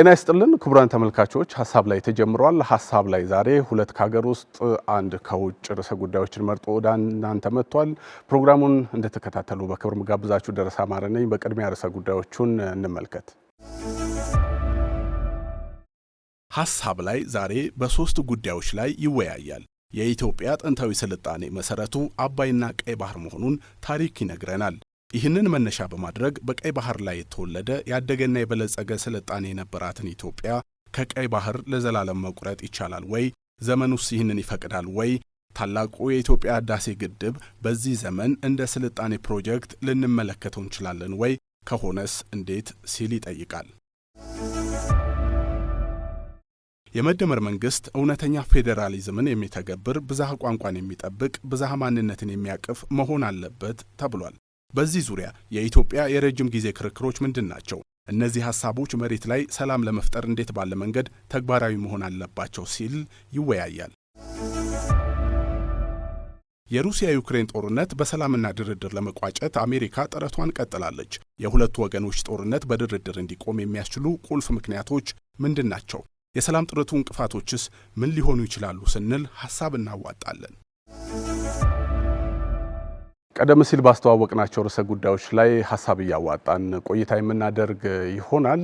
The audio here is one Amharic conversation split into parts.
ጤና ይስጥልን ክቡራን ተመልካቾች፣ ሀሳብ ላይ ተጀምሯል። ሀሳብ ላይ ዛሬ ሁለት ከሀገር ውስጥ አንድ ከውጭ ርዕሰ ጉዳዮችን መርጦ ወደ እናንተ መጥቷል። ፕሮግራሙን እንደተከታተሉ በክብር ምጋብዛችሁ ደረሰ አማረ ነኝ። በቅድሚያ ርዕሰ ጉዳዮቹን እንመልከት። ሀሳብ ላይ ዛሬ በሶስት ጉዳዮች ላይ ይወያያል። የኢትዮጵያ ጥንታዊ ስልጣኔ መሰረቱ አባይና ቀይ ባህር መሆኑን ታሪክ ይነግረናል። ይህንን መነሻ በማድረግ በቀይ ባህር ላይ የተወለደ ያደገና የበለጸገ ስልጣኔ የነበራትን ኢትዮጵያ ከቀይ ባህር ለዘላለም መቁረጥ ይቻላል ወይ? ዘመኑስ ይህንን ይፈቅዳል ወይ? ታላቁ የኢትዮጵያ ህዳሴ ግድብ በዚህ ዘመን እንደ ስልጣኔ ፕሮጀክት ልንመለከተው እንችላለን ወይ? ከሆነስ እንዴት? ሲል ይጠይቃል። የመደመር መንግስት እውነተኛ ፌዴራሊዝምን የሚተገብር ብዝሃ ቋንቋን የሚጠብቅ ብዝሃ ማንነትን የሚያቅፍ መሆን አለበት ተብሏል። በዚህ ዙሪያ የኢትዮጵያ የረጅም ጊዜ ክርክሮች ምንድን ናቸው? እነዚህ ሀሳቦች መሬት ላይ ሰላም ለመፍጠር እንዴት ባለ መንገድ ተግባራዊ መሆን አለባቸው? ሲል ይወያያል። የሩሲያ ዩክሬን ጦርነት በሰላምና ድርድር ለመቋጨት አሜሪካ ጥረቷን ቀጥላለች። የሁለቱ ወገኖች ጦርነት በድርድር እንዲቆም የሚያስችሉ ቁልፍ ምክንያቶች ምንድን ናቸው? የሰላም ጥረቱ እንቅፋቶችስ ምን ሊሆኑ ይችላሉ? ስንል ሀሳብ እናዋጣለን። ቀደም ሲል ባስተዋወቅናቸው ርዕሰ ጉዳዮች ላይ ሀሳብ እያዋጣን ቆይታ የምናደርግ ይሆናል።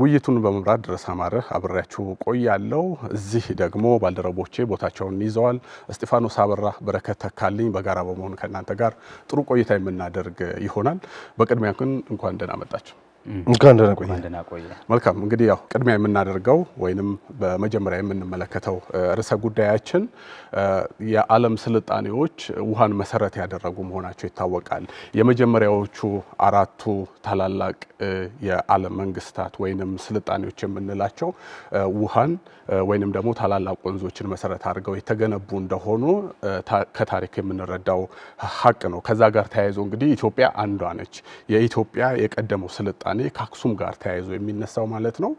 ውይይቱን በመምራት ድረስ አማረ አብሬያችሁ ቆያለሁ። እዚህ ደግሞ ባልደረቦቼ ቦታቸውን ይዘዋል። እስጢፋኖስ አበራ፣ በረከት ተካልኝ በጋራ በመሆን ከእናንተ ጋር ጥሩ ቆይታ የምናደርግ ይሆናል። በቅድሚያ ግን እንኳን ደህና መጣችሁ። እንኳን ደህና ቆየ። መልካም እንግዲህ ያው ቅድሚያ የምናደርገው ወይንም በመጀመሪያ የምንመለከተው ርዕሰ ጉዳያችን የዓለም ስልጣኔዎች ውሃን መሰረት ያደረጉ መሆናቸው ይታወቃል። የመጀመሪያዎቹ አራቱ ታላላቅ የዓለም መንግስታት ወይንም ስልጣኔዎች የምንላቸው ውሃን ወይንም ደግሞ ታላላቅ ወንዞችን መሰረት አድርገው የተገነቡ እንደሆኑ ከታሪክ የምንረዳው ሀቅ ነው። ከዛ ጋር ተያይዞ እንግዲህ ኢትዮጵያ አንዷ ነች። የኢትዮጵያ የቀደመው ስልጣኔ ምጣኔ ከአክሱም ጋር ተያይዞ የሚነሳው ማለት ነው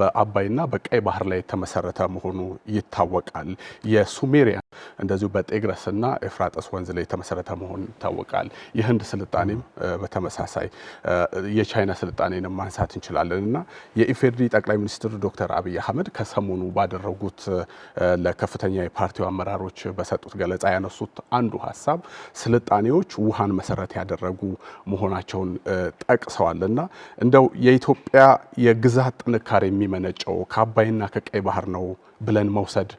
በአባይና በቀይ ባህር ላይ የተመሰረተ መሆኑ ይታወቃል። የሱሜሪያ እንደዚሁ በጤግረስና ኤፍራጠስ ወንዝ ላይ የተመሰረተ መሆኑ ይታወቃል። የህንድ ስልጣኔም በተመሳሳይ የቻይና ስልጣኔንም ማንሳት እንችላለን እና የኢፌድሪ ጠቅላይ ሚኒስትር ዶክተር አብይ አህመድ ከሰሞኑ ባደረጉት ለከፍተኛ የፓርቲው አመራሮች በሰጡት ገለጻ ያነሱት አንዱ ሀሳብ ስልጣኔዎች ውሃን መሰረት ያደረጉ መሆናቸውን ጠቅሰዋል እና እንደው የኢትዮጵያ የግዛት ጥንካሬ የሚመነጨው ከአባይና ከቀይ ባህር ነው ብለን መውሰድ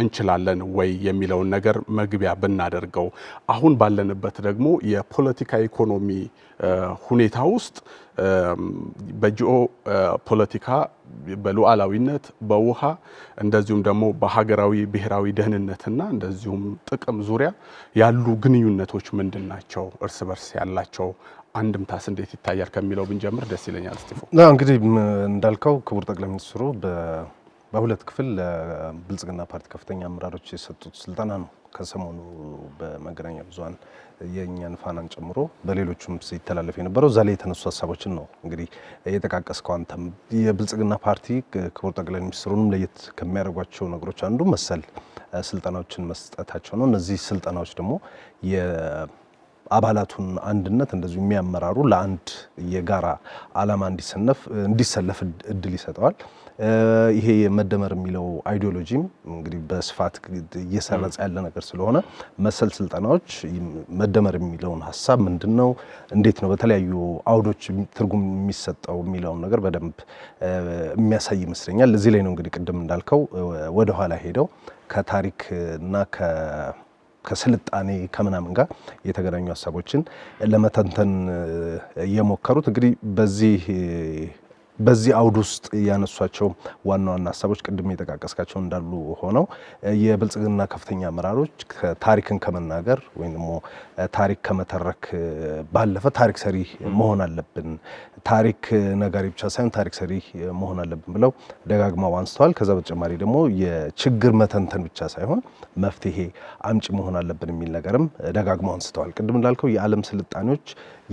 እንችላለን ወይ የሚለውን ነገር መግቢያ ብናደርገው፣ አሁን ባለንበት ደግሞ የፖለቲካ ኢኮኖሚ ሁኔታ ውስጥ በጂኦ ፖለቲካ በሉዓላዊነት በውሃ እንደዚሁም ደግሞ በሀገራዊ ብሔራዊ ደህንነትና እንደዚሁም ጥቅም ዙሪያ ያሉ ግንኙነቶች ምንድን ናቸው? እርስ በርስ ያላቸው አንድምታስ እንዴት ይታያል? ከሚለው ብንጀምር ደስ ይለኛል። ስቲፎ እንግዲህ እንዳልከው ክቡር ጠቅላይ ሚኒስትሩ በሁለት ክፍል ለብልጽግና ፓርቲ ከፍተኛ አመራሮች የሰጡት ስልጠና ነው። ከሰሞኑ በመገናኛ ብዙኃን የእኛን ፋናን ጨምሮ በሌሎቹም ሲተላለፍ የነበረው እዛ ላይ የተነሱ ሀሳቦችን ነው እንግዲህ የጠቃቀስከው አንተም። የብልጽግና ፓርቲ ክቡር ጠቅላይ ሚኒስትሩንም ለየት ከሚያደርጓቸው ነገሮች አንዱ መሰል ስልጠናዎችን መስጠታቸው ነው። እነዚህ ስልጠናዎች ደግሞ አባላቱን አንድነት እንደዚሁ የሚያመራሩ ለአንድ የጋራ ዓላማ እንዲሰነፍ እንዲሰለፍ እድል ይሰጠዋል። ይሄ መደመር የሚለው አይዲዮሎጂም እንግዲህ በስፋት እየሰረጸ ያለ ነገር ስለሆነ መሰል ስልጠናዎች መደመር የሚለውን ሀሳብ ምንድን ነው፣ እንዴት ነው በተለያዩ አውዶች ትርጉም የሚሰጠው የሚለውን ነገር በደንብ የሚያሳይ ይመስለኛል። እዚህ ላይ ነው እንግዲህ ቅድም እንዳልከው ወደኋላ ሄደው ከታሪክ እና ከስልጣኔ ከምናምን ጋር የተገናኙ ሀሳቦችን ለመተንተን የሞከሩት እንግዲህ በዚህ በዚህ አውድ ውስጥ ያነሷቸው ዋና ዋና ሀሳቦች ቅድም የጠቃቀስካቸው እንዳሉ ሆነው የብልጽግና ከፍተኛ አመራሮች ታሪክን ከመናገር ወይም ደግሞ ታሪክ ከመተረክ ባለፈ ታሪክ ሰሪ መሆን አለብን፣ ታሪክ ነጋሪ ብቻ ሳይሆን ታሪክ ሰሪ መሆን አለብን ብለው ደጋግማው አንስተዋል። ከዛ በተጨማሪ ደግሞ የችግር መተንተን ብቻ ሳይሆን መፍትሄ አምጪ መሆን አለብን የሚል ነገርም ደጋግማው አንስተዋል። ቅድም እንዳልከው የዓለም ስልጣኔዎች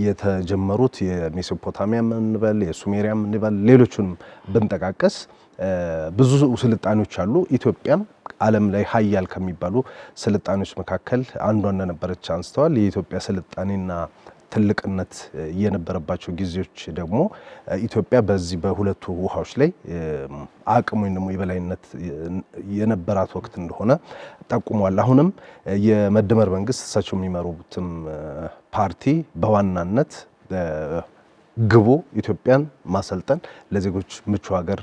የተጀመሩት የሜሶፖታሚያ ምንበል የሱሜሪያ ምንበል ሌሎቹንም ብንጠቃቀስ ብዙ ስልጣኔዎች አሉ። ኢትዮጵያም ዓለም ላይ ሀያል ከሚባሉ ስልጣኔዎች መካከል አንዷ እንደነበረች አንስተዋል። የኢትዮጵያ ስልጣኔና ትልቅነት የነበረባቸው ጊዜዎች ደግሞ ኢትዮጵያ በዚህ በሁለቱ ውሃዎች ላይ አቅም ወይም ደግሞ የበላይነት የነበራት ወቅት እንደሆነ ጠቁሟል። አሁንም የመደመር መንግስት እሳቸው የሚመሩትም ፓርቲ በዋናነት ግቡ ኢትዮጵያን ማሰልጠን ለዜጎች ምቹ ሀገር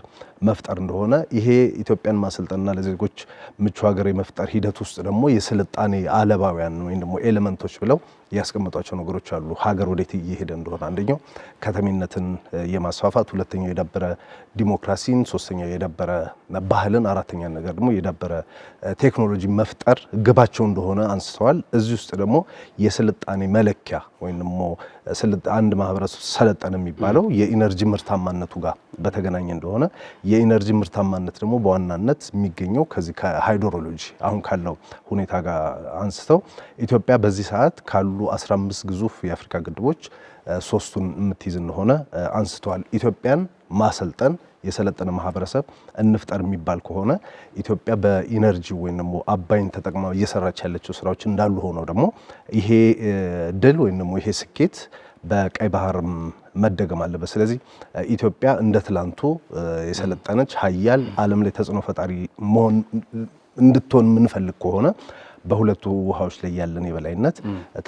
መፍጠር እንደሆነ ይሄ ኢትዮጵያን ማሰልጠንና ለዜጎች ምቹ ሀገር የመፍጠር ሂደት ውስጥ ደግሞ የስልጣኔ አለባውያን ወይም ደግሞ ኤሌመንቶች ብለው ያስቀመጧቸው ነገሮች አሉ። ሀገር ወዴት እየሄደ እንደሆነ አንደኛው ከተሜነትን የማስፋፋት ሁለተኛው የዳበረ ዲሞክራሲን፣ ሶስተኛው የዳበረ ባህልን፣ አራተኛ ነገር ደግሞ የዳበረ ቴክኖሎጂ መፍጠር ግባቸው እንደሆነ አንስተዋል። እዚህ ውስጥ ደግሞ የስልጣኔ መለኪያ ወይም ደግሞ አንድ ማህበረሰብ ሰለጠን የሚባለው የኢነርጂ ምርታማነቱ ጋር በተገናኘ እንደሆነ የኢነርጂ ምርታማነት ደግሞ በዋናነት የሚገኘው ከዚህ ከሃይድሮሎጂ አሁን ካለው ሁኔታ ጋር አንስተው ኢትዮጵያ በዚህ ሰዓት ካሉ 15 ግዙፍ የአፍሪካ ግድቦች ሶስቱን የምትይዝ እንደሆነ አንስተዋል። ኢትዮጵያን ማሰልጠን የሰለጠነ ማህበረሰብ እንፍጠር የሚባል ከሆነ ኢትዮጵያ በኢነርጂ ወይም ደግሞ አባይን ተጠቅማ እየሰራች ያለችው ስራዎች እንዳሉ ሆነው ደግሞ ይሄ ድል ወይም ደግሞ ይሄ ስኬት በቀይ ባህርም መደገም አለበት። ስለዚህ ኢትዮጵያ እንደ ትላንቱ የሰለጠነች ሀያል ዓለም ላይ ተጽዕኖ ፈጣሪ መሆን እንድትሆን የምንፈልግ ከሆነ በሁለቱ ውሃዎች ላይ ያለን የበላይነት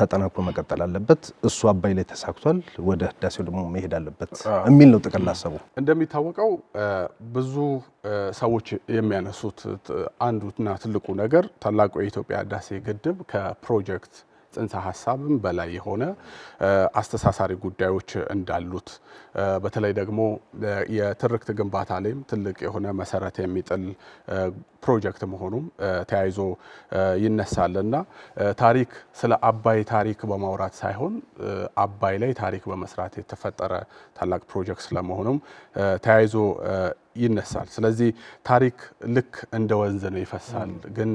ተጠናክሮ መቀጠል አለበት። እሱ አባይ ላይ ተሳክቷል፣ ወደ ህዳሴው ደግሞ መሄድ አለበት የሚል ነው ጥቅል ሀሳቡ። እንደሚታወቀው ብዙ ሰዎች የሚያነሱት አንዱና ትልቁ ነገር ታላቁ የኢትዮጵያ ህዳሴ ግድብ ከፕሮጀክት ጽንሰ ሀሳብም በላይ የሆነ አስተሳሳሪ ጉዳዮች እንዳሉት በተለይ ደግሞ የትርክት ግንባታ ላይም ትልቅ የሆነ መሰረት የሚጥል ፕሮጀክት መሆኑም ተያይዞ ይነሳል ታሪክ ስለ አባይ ታሪክ በማውራት ሳይሆን አባይ ላይ ታሪክ በመስራት የተፈጠረ ታላቅ ፕሮጀክት ስለመሆኑም ተያይዞ ይነሳል። ስለዚህ ታሪክ ልክ እንደ ወንዝ ነው ይፈሳል። ግን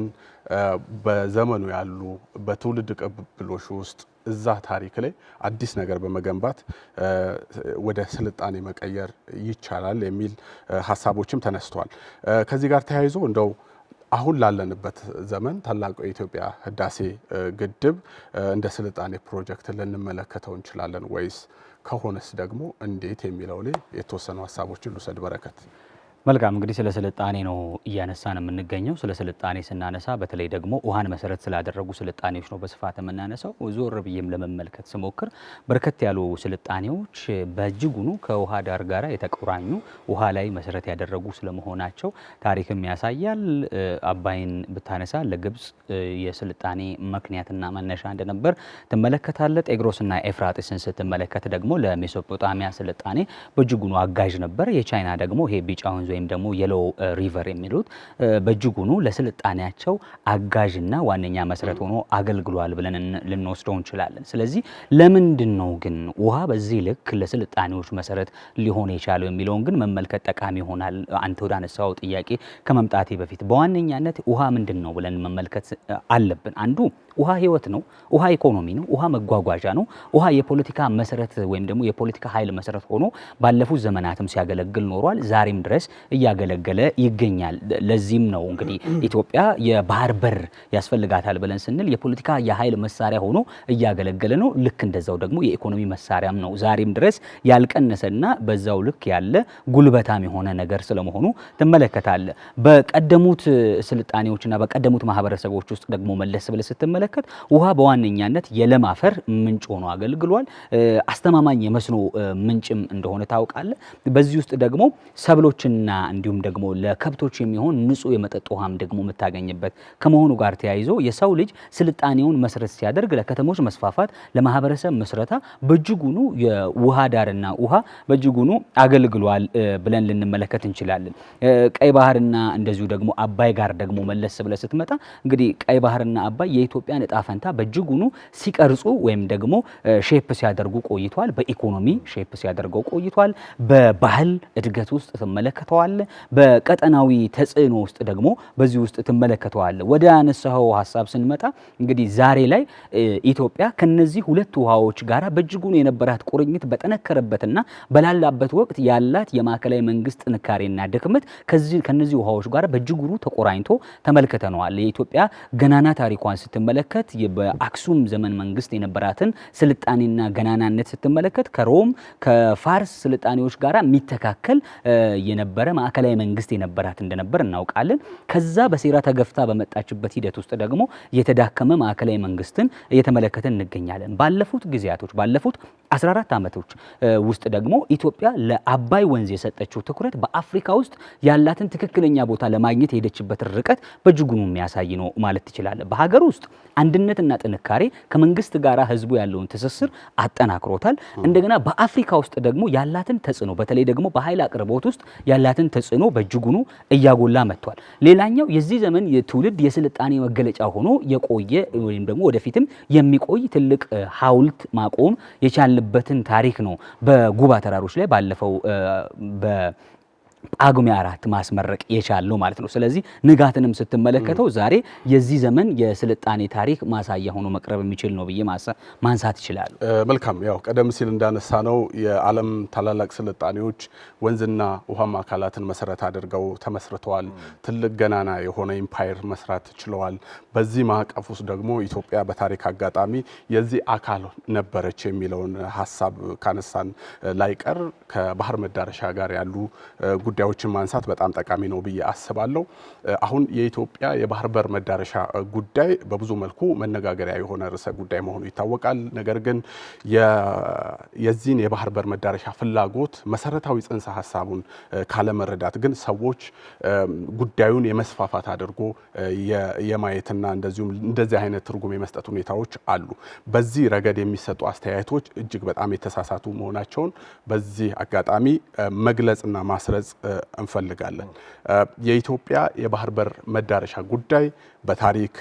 በዘመኑ ያሉ በትውልድ ቅብብሎች ውስጥ እዛ ታሪክ ላይ አዲስ ነገር በመገንባት ወደ ስልጣኔ መቀየር ይቻላል የሚል ሀሳቦችም ተነስተዋል። ከዚህ ጋር ተያይዞ እንደው አሁን ላለንበት ዘመን ታላቁ የኢትዮጵያ ህዳሴ ግድብ እንደ ስልጣኔ ፕሮጀክት ልንመለከተው እንችላለን ወይስ ከሆነስ ደግሞ እንዴት የሚለው ላይ የተወሰኑ ሀሳቦችን ልውሰድ። በረከት መልካም እንግዲህ ስለ ስልጣኔ ነው እያነሳን የምንገኘው። ስለ ስልጣኔ ስናነሳ በተለይ ደግሞ ውሃን መሰረት ስላደረጉ ስልጣኔዎች ነው በስፋት የምናነሳው። ዞር ብዬም ለመመልከት ስሞክር በርከት ያሉ ስልጣኔዎች በእጅጉኑ ከውሃ ዳር ጋር የተቆራኙ ውሃ ላይ መሰረት ያደረጉ ስለመሆናቸው ታሪክም ያሳያል። አባይን ብታነሳ ለግብፅ የስልጣኔ ምክንያትና መነሻ እንደነበር ትመለከታለ። ጤግሮስና ኤፍራጢስን ስትመለከት ደግሞ ለሜሶፖጣሚያ ስልጣኔ በእጅጉኑ አጋዥ ነበር። የቻይና ደግሞ ይሄ ቢጫ ወንዝ ወይም ደግሞ የሎ ሪቨር የሚሉት በእጅጉኑ ለስልጣኔያቸው አጋዥና ዋነኛ መሰረት ሆኖ አገልግሏል ብለን ልንወስደው እንችላለን። ስለዚህ ለምንድን ነው ግን ውሃ በዚህ ልክ ለስልጣኔዎች መሰረት ሊሆን የቻለው የሚለውን ግን መመልከት ጠቃሚ ይሆናል። አንተ ወደ አነሳው ጥያቄ ከመምጣቴ በፊት በዋነኛነት ውሃ ምንድን ነው ብለን መመልከት አለብን። አንዱ ውሃ ህይወት ነው። ውሃ ኢኮኖሚ ነው። ውሃ መጓጓዣ ነው። ውሃ የፖለቲካ መሰረት ወይም ደግሞ የፖለቲካ ኃይል መሰረት ሆኖ ባለፉት ዘመናትም ሲያገለግል ኖሯል። ዛሬም ድረስ እያገለገለ ይገኛል። ለዚህም ነው እንግዲህ ኢትዮጵያ የባህር በር ያስፈልጋታል ብለን ስንል የፖለቲካ የኃይል መሳሪያ ሆኖ እያገለገለ ነው። ልክ እንደዛው ደግሞ የኢኮኖሚ መሳሪያም ነው። ዛሬም ድረስ ያልቀነሰና በዛው ልክ ያለ ጉልበታም የሆነ ነገር ስለመሆኑ ትመለከታለ። በቀደሙት ስልጣኔዎችና በቀደሙት ማህበረሰቦች ውስጥ ደግሞ መለስ ብለ ስትመለከት ውሃ በዋነኛነት የለም አፈር ምንጭ ሆኖ አገልግሏል። አስተማማኝ የመስኖ ምንጭም እንደሆነ ታውቃለ። በዚህ ውስጥ ደግሞ ሰብሎችን እና እንዲሁም ደግሞ ለከብቶች የሚሆን ንጹህ የመጠጥ ውሃም ደግሞ የምታገኝበት ከመሆኑ ጋር ተያይዞ የሰው ልጅ ስልጣኔውን መሰረት ሲያደርግ ለከተሞች መስፋፋት፣ ለማህበረሰብ ምስረታ በእጅጉኑ የውሃ ዳርና ውሃ በእጅጉኑ አገልግሏል ብለን ልንመለከት እንችላለን። ቀይ ባህርና እንደዚሁ ደግሞ አባይ ጋር ደግሞ መለስ ብለ ስትመጣ እንግዲህ ቀይ ባህርና አባይ የኢትዮጵያን እጣ ፈንታ በእጅጉኑ ሲቀርጹ ወይም ደግሞ ሼፕ ሲያደርጉ ቆይቷል። በኢኮኖሚ ሼፕ ሲያደርገው ቆይቷል። በባህል እድገት ውስጥ ትመለከተዋል። ታቀፈዋለ። በቀጠናዊ ተጽዕኖ ውስጥ ደግሞ በዚህ ውስጥ ትመለከተዋል። ወደ አነሳኸው ሀሳብ ስንመጣ እንግዲህ ዛሬ ላይ ኢትዮጵያ ከነዚህ ሁለት ውሃዎች ጋር በእጅጉን የነበራት ቁርኝት በጠነከረበትና በላላበት ወቅት ያላት የማዕከላዊ መንግስት ጥንካሬና ድክመት ከነዚህ ውሃዎች ጋር በእጅጉሩ ተቆራኝቶ ተመልክተነዋል። የኢትዮጵያ ገናና ታሪኳን ስትመለከት በአክሱም ዘመን መንግስት የነበራትን ስልጣኔና ገናናነት ስትመለከት ከሮም ከፋርስ ስልጣኔዎች ጋር የሚተካከል የነበረ የነበረ ማዕከላዊ መንግስት የነበራት እንደነበር እናውቃለን። ከዛ በሴራ ተገፍታ በመጣችበት ሂደት ውስጥ ደግሞ የተዳከመ ማዕከላዊ መንግስትን እየተመለከተ እንገኛለን። ባለፉት ጊዜያቶች ባለፉት 14 ዓመቶች ውስጥ ደግሞ ኢትዮጵያ ለአባይ ወንዝ የሰጠችው ትኩረት በአፍሪካ ውስጥ ያላትን ትክክለኛ ቦታ ለማግኘት የሄደችበትን ርቀት በእጅጉኑ የሚያሳይ ነው ማለት ትችላለን። በሀገር ውስጥ አንድነትና ጥንካሬ ከመንግስት ጋር ህዝቡ ያለውን ትስስር አጠናክሮታል። እንደገና በአፍሪካ ውስጥ ደግሞ ያላትን ተጽዕኖ በተለይ ደግሞ በኃይል አቅርቦት ውስጥ ያላትን ተጽዕኖ በእጅጉኑ እያጎላ መጥቷል። ሌላኛው የዚህ ዘመን ትውልድ የስልጣኔ መገለጫ ሆኖ የቆየ ወይም ደግሞ ወደፊትም የሚቆይ ትልቅ ሀውልት ማቆም የቻለ ያለበትን ታሪክ ነው በጉባ ተራሮች ላይ ባለፈው ጳጉሜ አራት ማስመረቅ የቻለው ማለት ነው። ስለዚህ ንጋትንም ስትመለከተው ዛሬ የዚህ ዘመን የስልጣኔ ታሪክ ማሳያ ሆኖ መቅረብ የሚችል ነው ብዬ ማንሳት ይችላሉ። መልካም ያው ቀደም ሲል እንዳነሳ ነው የዓለም ታላላቅ ስልጣኔዎች ወንዝና ውሃማ አካላትን መሰረት አድርገው ተመስርተዋል። ትልቅ ገናና የሆነ ኢምፓየር መስራት ችለዋል። በዚህ ማዕቀፍ ውስጥ ደግሞ ኢትዮጵያ በታሪክ አጋጣሚ የዚህ አካል ነበረች የሚለውን ሀሳብ ካነሳን ላይቀር ከባህር መዳረሻ ጋር ያሉ ጉዳዮችን ማንሳት በጣም ጠቃሚ ነው ብዬ አስባለሁ። አሁን የኢትዮጵያ የባህር በር መዳረሻ ጉዳይ በብዙ መልኩ መነጋገሪያ የሆነ ርዕሰ ጉዳይ መሆኑ ይታወቃል። ነገር ግን የዚህን የባህር በር መዳረሻ ፍላጎት መሰረታዊ ጽንሰ ሀሳቡን ካለመረዳት ግን ሰዎች ጉዳዩን የመስፋፋት አድርጎ የማየትና እንደዚሁም እንደዚህ አይነት ትርጉም የመስጠት ሁኔታዎች አሉ። በዚህ ረገድ የሚሰጡ አስተያየቶች እጅግ በጣም የተሳሳቱ መሆናቸውን በዚህ አጋጣሚ መግለጽና ማስረጽ እንፈልጋለን። የኢትዮጵያ የባህር በር መዳረሻ ጉዳይ በታሪክ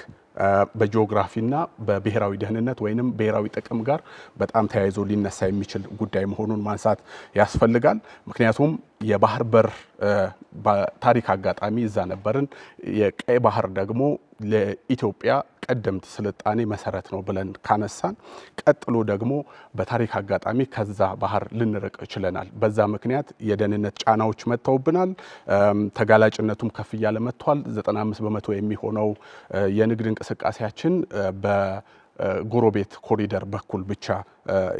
በጂኦግራፊና በብሔራዊ ደህንነት ወይንም ብሔራዊ ጥቅም ጋር በጣም ተያይዞ ሊነሳ የሚችል ጉዳይ መሆኑን ማንሳት ያስፈልጋል። ምክንያቱም የባህር በር በታሪክ አጋጣሚ እዛ ነበርን። የቀይ ባህር ደግሞ ለኢትዮጵያ ቀደምት ስልጣኔ መሰረት ነው ብለን ካነሳን፣ ቀጥሎ ደግሞ በታሪክ አጋጣሚ ከዛ ባህር ልንርቅ ችለናል። በዛ ምክንያት የደህንነት ጫናዎች መጥተውብናል። ተጋላጭነቱም ከፍ እያለ መጥቷል። 95 በመቶ የሚሆነው የንግድ እንቅስቃሴያችን በ ጎረቤት ኮሪደር በኩል ብቻ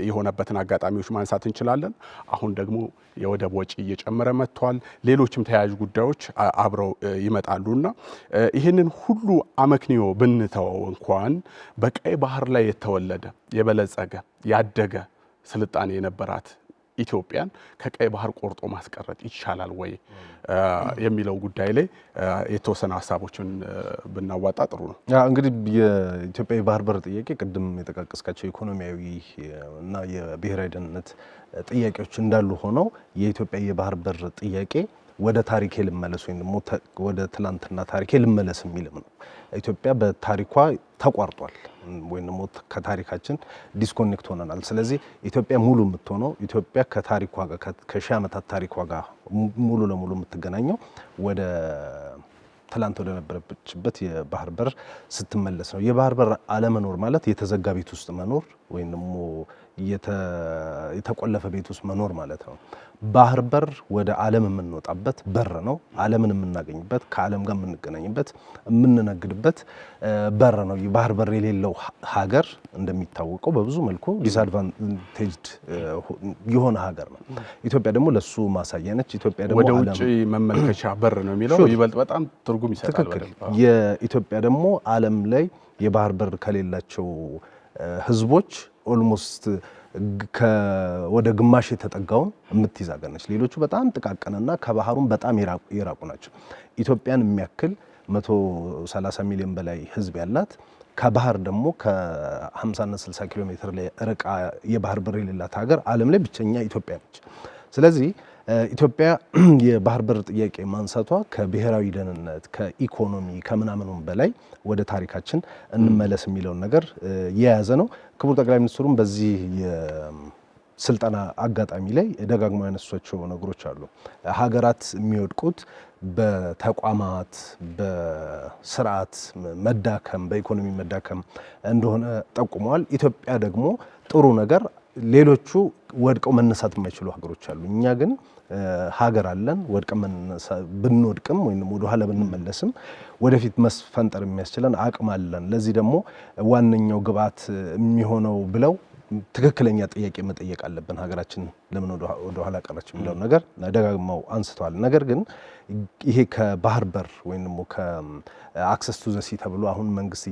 የሆነበትን አጋጣሚዎች ማንሳት እንችላለን። አሁን ደግሞ የወደብ ወጪ እየጨመረ መጥቷል። ሌሎችም ተያያዥ ጉዳዮች አብረው ይመጣሉና ይህንን ሁሉ አመክንዮ ብንተወው እንኳን በቀይ ባህር ላይ የተወለደ የበለጸገ ያደገ ስልጣኔ የነበራት ኢትዮጵያን ከቀይ ባህር ቆርጦ ማስቀረት ይቻላል ወይ የሚለው ጉዳይ ላይ የተወሰነ ሀሳቦችን ብናዋጣ ጥሩ ነው። እንግዲህ የኢትዮጵያ የባህር በር ጥያቄ ቅድም የጠቃቀስካቸው ኢኮኖሚያዊ እና የብሔራዊ ደህንነት ጥያቄዎች እንዳሉ ሆነው የኢትዮጵያ የባህር በር ጥያቄ ወደ ታሪኬ ልመለስ ወይም ደግሞ ወደ ትላንትና ታሪኬ ልመለስ የሚልም ነው። ኢትዮጵያ በታሪኳ ተቋርጧል ወይም ደግሞ ከታሪካችን ዲስኮኔክት ሆነናል። ስለዚህ ኢትዮጵያ ሙሉ የምትሆነው ኢትዮጵያ ከታሪኳ ጋር ከሺህ ዓመታት ታሪኳ ጋር ሙሉ ለሙሉ የምትገናኘው ወደ ትላንት ወደነበረችበት የባህር በር ስትመለስ ነው። የባህር በር አለመኖር ማለት የተዘጋ ቤት ውስጥ መኖር ወይም ደግሞ የተቆለፈ ቤት ውስጥ መኖር ማለት ነው። ባህር በር ወደ ዓለም የምንወጣበት በር ነው። ዓለምን የምናገኝበት፣ ከዓለም ጋር የምንገናኝበት፣ የምንነግድበት በር ነው። ባህር በር የሌለው ሀገር እንደሚታወቀው በብዙ መልኩ ዲስአድቫንቴጅድ የሆነ ሀገር ነው። ኢትዮጵያ ደግሞ ለሱ ማሳያ ነች። ኢትዮጵያ ደግሞ ወደ ውጭ መመልከቻ በር ነው የሚለው ይበልጥ በጣም ትርጉም ይሰጣል። ትክክል። የኢትዮጵያ ደግሞ ዓለም ላይ የባህር በር ከሌላቸው ህዝቦች ኦልሞስት ወደ ግማሽ የተጠጋውን የምትይዝ ሀገር ነች። ሌሎቹ በጣም ጥቃቅንና ከባህሩም በጣም የራቁ ናቸው። ኢትዮጵያን የሚያክል 130 ሚሊዮን በላይ ህዝብ ያላት ከባህር ደግሞ ከ50ና 60 ኪሎ ሜትር ላይ ርቃ የባህር በር የሌላት ሀገር ዓለም ላይ ብቸኛ ኢትዮጵያ ነች። ስለዚህ ኢትዮጵያ የባህር በር ጥያቄ ማንሳቷ ከብሔራዊ ደህንነት፣ ከኢኮኖሚ፣ ከምናምኑም በላይ ወደ ታሪካችን እንመለስ የሚለውን ነገር የያዘ ነው። ክቡር ጠቅላይ ሚኒስትሩም በዚህ ስልጠና አጋጣሚ ላይ ደጋግሞ ያነሷቸው ነገሮች አሉ። ሀገራት የሚወድቁት በተቋማት በስርዓት መዳከም፣ በኢኮኖሚ መዳከም እንደሆነ ጠቁመዋል። ኢትዮጵያ ደግሞ ጥሩ ነገር ሌሎቹ ወድቀው መነሳት የማይችሉ ሀገሮች አሉ። እኛ ግን ሀገር አለን ወድቀን ብንወድቅም ወይም ወደኋላ ብንመለስም ወደፊት መስፈንጠር የሚያስችለን አቅም አለን። ለዚህ ደግሞ ዋነኛው ግብዓት የሚሆነው ብለው ትክክለኛ ጥያቄ መጠየቅ አለብን። ሀገራችን ለምን ወደኋላ ኋላ ቀረች የሚለውን ነገር ደጋግመው አንስተዋል። ነገር ግን ይሄ ከባህር በር ወይም ደግሞ ከአክሰስ ቱ ዘ ተብሎ አሁን መንግስት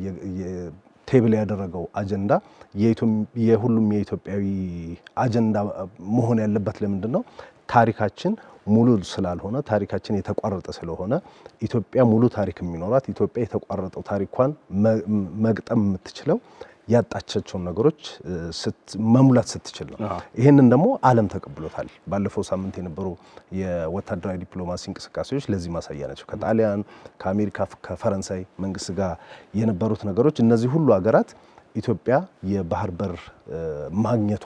ቴብል ያደረገው አጀንዳ የሁሉም የኢትዮጵያዊ አጀንዳ መሆን ያለበት ለምንድን ነው? ታሪካችን ሙሉ ስላልሆነ ታሪካችን የተቋረጠ ስለሆነ ኢትዮጵያ ሙሉ ታሪክ የሚኖራት ኢትዮጵያ የተቋረጠው ታሪኳን መግጠም የምትችለው ያጣቻቸውን ነገሮች መሙላት ስትችል ነው። ይህንን ደግሞ ዓለም ተቀብሎታል። ባለፈው ሳምንት የነበሩ የወታደራዊ ዲፕሎማሲ እንቅስቃሴዎች ለዚህ ማሳያ ናቸው። ከጣሊያን፣ ከአሜሪካ፣ ከፈረንሳይ መንግስት ጋር የነበሩት ነገሮች እነዚህ ሁሉ ሀገራት ኢትዮጵያ የባህር በር ማግኘቷ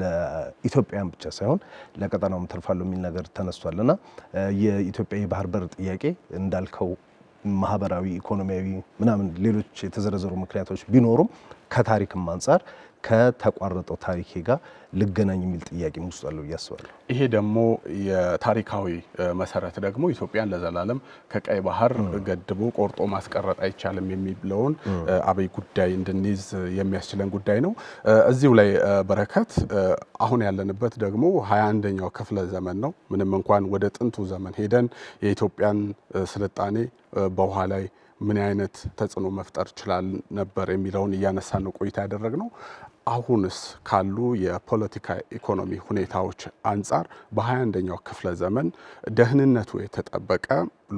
ለኢትዮጵያውያን ብቻ ሳይሆን ለቀጠናውም ተርፋለሁ የሚል ነገር ተነስቷልና የኢትዮጵያ የባህር በር ጥያቄ እንዳልከው ማህበራዊ፣ ኢኮኖሚያዊ ምናምን ሌሎች የተዘረዘሩ ምክንያቶች ቢኖሩም ከታሪክም አንጻር ከተቋረጠው ታሪኬ ጋር ልገናኝ የሚል ጥያቄ ውስጥ አለው ይሄ ደግሞ የታሪካዊ መሰረት ደግሞ ኢትዮጵያን ለዘላለም ከቀይ ባህር ገድቦ ቆርጦ ማስቀረጥ አይቻልም የሚለውን አበይ ጉዳይ እንድንይዝ የሚያስችለን ጉዳይ ነው። እዚሁ ላይ በረከት፣ አሁን ያለንበት ደግሞ ሀያ አንደኛው ክፍለ ዘመን ነው። ምንም እንኳን ወደ ጥንቱ ዘመን ሄደን የኢትዮጵያን ስልጣኔ በውሃ ላይ ምን አይነት ተጽዕኖ መፍጠር ይችላል ነበር የሚለውን እያነሳን ነው ቆይታ ያደረግነው። አሁንስ ካሉ የፖለቲካ ኢኮኖሚ ሁኔታዎች አንጻር በ21ኛው ክፍለ ዘመን ደህንነቱ የተጠበቀ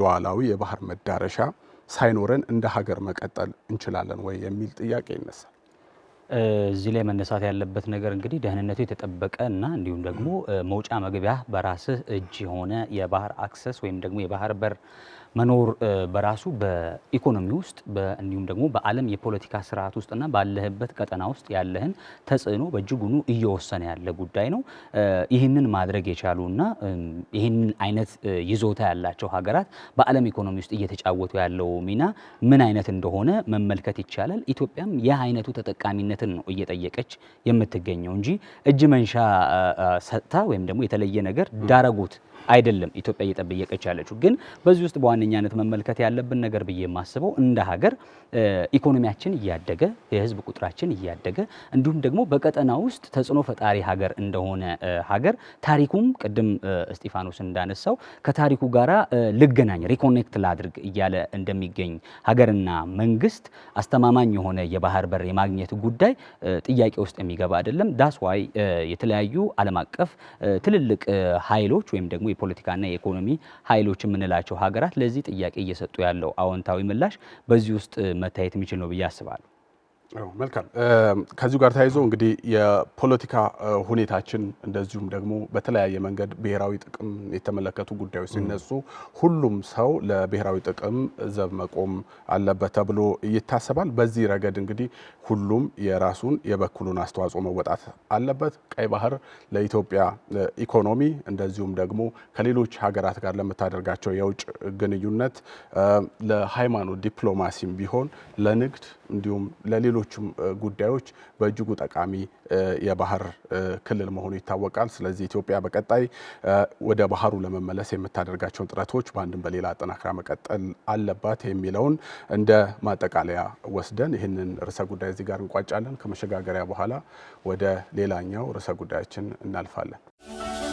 ሉዓላዊ የባህር መዳረሻ ሳይኖረን እንደ ሀገር መቀጠል እንችላለን ወይ የሚል ጥያቄ ይነሳል። እዚህ ላይ መነሳት ያለበት ነገር እንግዲህ ደህንነቱ የተጠበቀ እና እንዲሁም ደግሞ መውጫ መግቢያ በራስህ እጅ የሆነ የባህር አክሰስ ወይም ደግሞ የባህር በር መኖር በራሱ በኢኮኖሚ ውስጥ እንዲሁም ደግሞ በዓለም የፖለቲካ ስርዓት ውስጥና ባለህበት ቀጠና ውስጥ ያለህን ተጽዕኖ በእጅጉኑ እየወሰነ ያለ ጉዳይ ነው። ይህንን ማድረግ የቻሉና ይህንን አይነት ይዞታ ያላቸው ሀገራት በዓለም ኢኮኖሚ ውስጥ እየተጫወቱ ያለው ሚና ምን አይነት እንደሆነ መመልከት ይቻላል። ኢትዮጵያም ይህ አይነቱ ተጠቃሚነትን ነው እየጠየቀች የምትገኘው እንጂ እጅ መንሻ ሰጥታ ወይም ደግሞ የተለየ ነገር ዳረጉት አይደለም ኢትዮጵያ እየጠበየቀች ያለችው። ግን በዚህ ውስጥ በዋነኛነት መመልከት ያለብን ነገር ብዬ የማስበው እንደ ሀገር ኢኮኖሚያችን እያደገ የህዝብ ቁጥራችን እያደገ እንዲሁም ደግሞ በቀጠና ውስጥ ተጽዕኖ ፈጣሪ ሀገር እንደሆነ ሀገር ታሪኩም ቅድም እስጢፋኖስ እንዳነሳው ከታሪኩ ጋራ ልገናኝ ሪኮኔክት ላድርግ እያለ እንደሚገኝ ሀገርና መንግስት አስተማማኝ የሆነ የባህር በር የማግኘት ጉዳይ ጥያቄ ውስጥ የሚገባ አይደለም። ዳስዋይ የተለያዩ ዓለም አቀፍ ትልልቅ ኃይሎች ወይም ደግሞ የፖለቲካና የኢኮኖሚ ኃይሎች የምንላቸው ሀገራት ለዚህ ጥያቄ እየሰጡ ያለው አዎንታዊ ምላሽ በዚህ ውስጥ መታየት የሚችል ነው ብዬ አስባለሁ። መልካም ከዚሁ ጋር ተያይዞ እንግዲህ የፖለቲካ ሁኔታችን እንደዚሁም ደግሞ በተለያየ መንገድ ብሔራዊ ጥቅም የተመለከቱ ጉዳዮች ሲነሱ ሁሉም ሰው ለብሔራዊ ጥቅም ዘብ መቆም አለበት ተብሎ ይታሰባል። በዚህ ረገድ እንግዲህ ሁሉም የራሱን የበኩሉን አስተዋጽኦ መወጣት አለበት። ቀይ ባህር ለኢትዮጵያ ኢኮኖሚ እንደዚሁም ደግሞ ከሌሎች ሀገራት ጋር ለምታደርጋቸው የውጭ ግንኙነት፣ ለሃይማኖት ዲፕሎማሲም ቢሆን ለንግድ እንዲሁም ለሌሎች ሌሎችም ጉዳዮች በእጅጉ ጠቃሚ የባህር ክልል መሆኑ ይታወቃል። ስለዚህ ኢትዮጵያ በቀጣይ ወደ ባህሩ ለመመለስ የምታደርጋቸውን ጥረቶች በአንድም በሌላ አጠናክራ መቀጠል አለባት የሚለውን እንደ ማጠቃለያ ወስደን ይህንን ርዕሰ ጉዳይ እዚህ ጋር እንቋጫለን። ከመሸጋገሪያ በኋላ ወደ ሌላኛው ርዕሰ ጉዳያችን እናልፋለን።